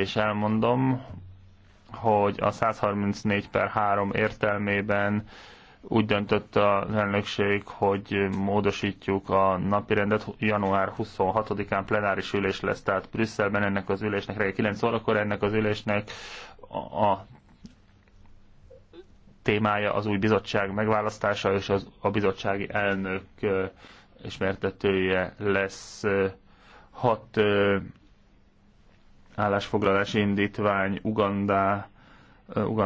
és elmondom, hogy a 134 per 3 értelmében úgy döntött a elnökség, hogy módosítjuk a napirendet. Január 26-án plenáris ülés lesz, tehát Brüsszelben ennek az ülésnek, reggel 9 órakor ennek az ülésnek a témája az új bizottság megválasztása és az, a bizottsági elnök ismertetője lesz hat állásfoglalási indítvány Ugandá,